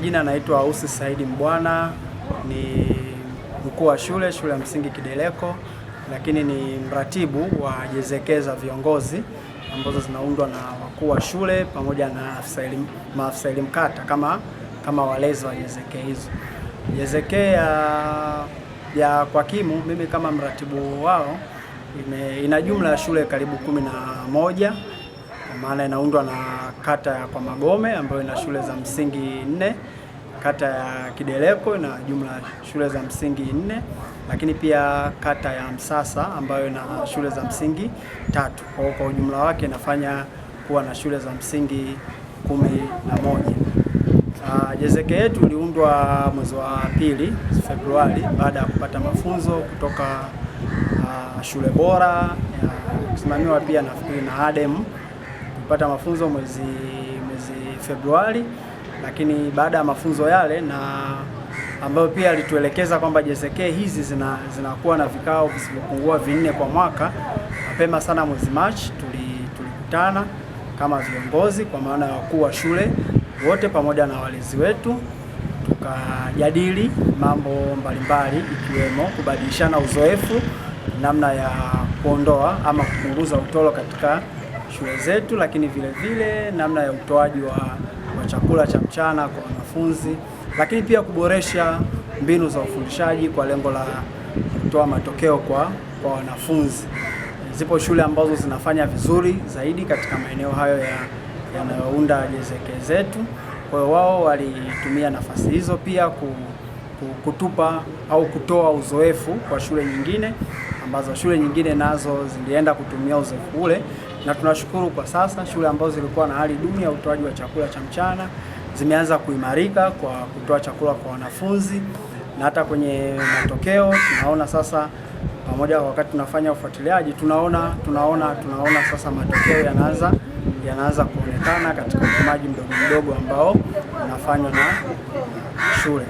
Majina naitwa Ausi Saidi Mbwana, ni mkuu wa shule shule ya msingi Kideleko, lakini ni mratibu wa jezekeza za viongozi ambazo zinaundwa na wakuu wa shule pamoja na maafisa elimu kata kama, kama walezi wa jezeke hizo. Jezeke ya, ya Kwakimu, mimi kama mratibu wao, ina jumla ya shule karibu kumi na moja maana inaundwa na kata ya kwa Magome ambayo ina shule za msingi nne, kata ya Kideleko ina jumla shule za msingi nne, lakini pia kata ya Msasa ambayo ina shule za msingi tatu. Kwa hiyo kwa ujumla wake inafanya kuwa na shule za msingi kumi na moja. Uh, jezeke yetu iliundwa mwezi wa pili Februari, baada ya kupata mafunzo kutoka uh, shule bora kusimamiwa pia nafikiri na ADEM nilipata mafunzo mwezi mwezi Februari, lakini baada ya mafunzo yale na ambayo pia alituelekeza kwamba JSK hizi zina, zinakuwa na vikao visivyopungua vinne kwa mwaka. Mapema sana mwezi Machi tulikutana tuli kama viongozi kwa maana ya wakuu wa shule wote pamoja na walezi wetu, tukajadili mambo mbalimbali ikiwemo kubadilishana uzoefu namna ya kuondoa ama kupunguza utoro katika shule zetu, lakini vile vile namna ya utoaji wa, wa chakula cha mchana kwa wanafunzi, lakini pia kuboresha mbinu za ufundishaji kwa lengo la kutoa matokeo kwa, kwa wanafunzi. Zipo shule ambazo zinafanya vizuri zaidi katika maeneo hayo yanayounda ya JZK zetu. Kwa hiyo wao walitumia nafasi hizo pia ku, kutupa au kutoa uzoefu kwa shule nyingine ambazo shule nyingine nazo zilienda kutumia uzoefu ule na tunashukuru kwa sasa shule ambazo zilikuwa na hali duni ya utoaji wa chakula cha mchana zimeanza kuimarika kwa kutoa chakula kwa wanafunzi, na hata kwenye matokeo tunaona sasa, pamoja wakati tunafanya ufuatiliaji, tunaona tunaona tunaona sasa matokeo yanaanza yanaanza kuonekana katika upimaji mdogo mdogo ambao unafanywa na shule.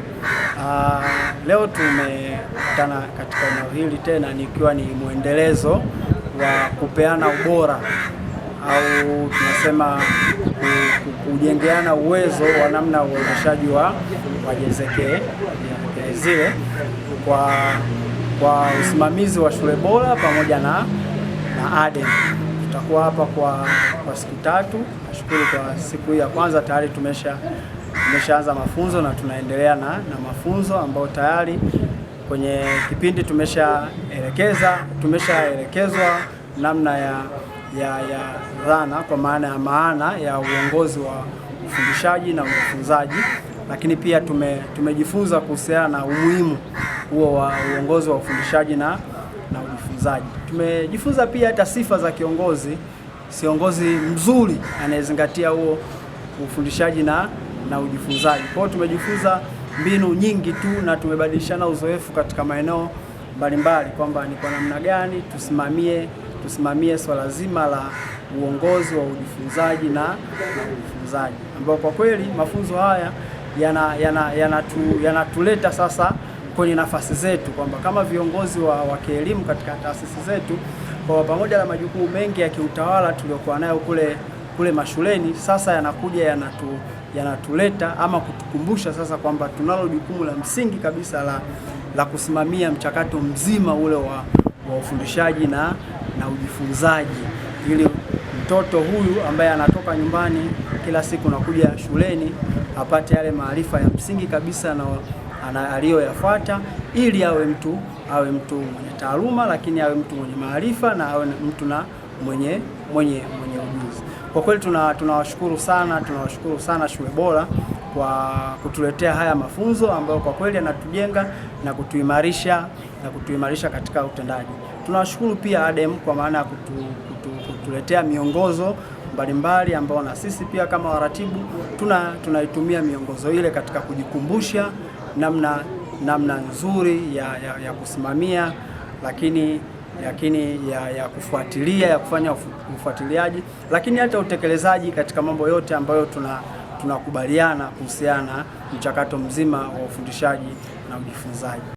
Aa, ah, leo tumekutana katika eneo hili tena nikiwa ni mwendelezo kupeana ubora au tunasema kujengeana uwezo wa namna ya uendeshaji wa wajezekee zile kwa, kwa usimamizi wa shule bora pamoja na, na ADEM. Tutakuwa hapa kwa, kwa siku tatu. Nashukuru kwa siku hii ya kwanza tayari tumesha tumeshaanza mafunzo na tunaendelea na, na mafunzo ambayo tayari kwenye kipindi tumeshaelekeza tumeshaelekezwa namna ya, ya, ya dhana kwa maana ya maana ya uongozi wa ufundishaji na ufunzaji, lakini pia tume, tumejifunza kuhusiana na umuhimu huo wa uongozi wa ufundishaji na, na ujifunzaji. Tumejifunza pia hata sifa za kiongozi, kiongozi mzuri anayezingatia huo ufundishaji na, na ujifunzaji. Kwa hiyo tumejifunza mbinu nyingi tu na tumebadilishana uzoefu katika maeneo mbalimbali, kwamba ni kwa namna gani tusimamie tusimamie swala zima la uongozi wa ujifunzaji na, ujifunzaji ambao kwa kweli mafunzo haya yanatuleta yana, yana tu, yana sasa kwenye nafasi zetu kwamba kama viongozi wa, wa kielimu katika taasisi zetu kwa pamoja na majukumu mengi ya kiutawala tuliokuwa nayo kule kule mashuleni sasa yanakuja yanatu yanatuleta ama kutukumbusha sasa kwamba tunalo jukumu la msingi kabisa la, la kusimamia mchakato mzima ule wa, wa ufundishaji na, na ujifunzaji ili mtoto huyu ambaye anatoka nyumbani kila siku na kuja shuleni apate yale maarifa ya msingi kabisa na aliyoyafuata, ili awe mtu awe mtu mwenye taaluma, lakini awe mtu mwenye maarifa na awe mtu na mwenye mwenye, mwenye kwa kweli tunawashukuru tuna sana tunawashukuru sana Shule Bora kwa kutuletea haya mafunzo ambayo kwa kweli yanatujenga na kutuimarisha na kutuimarisha katika utendaji. Tunawashukuru pia ADEM kwa maana ya kutu, kutu, kutuletea miongozo mbalimbali ambao na sisi pia kama waratibu tuna tunaitumia miongozo ile katika kujikumbusha namna namna nzuri ya, ya, ya kusimamia lakini lakini ya, ya kufuatilia ya kufanya ufuatiliaji, lakini hata utekelezaji katika mambo yote ambayo tuna tunakubaliana kuhusiana mchakato mzima wa ufundishaji na ujifunzaji.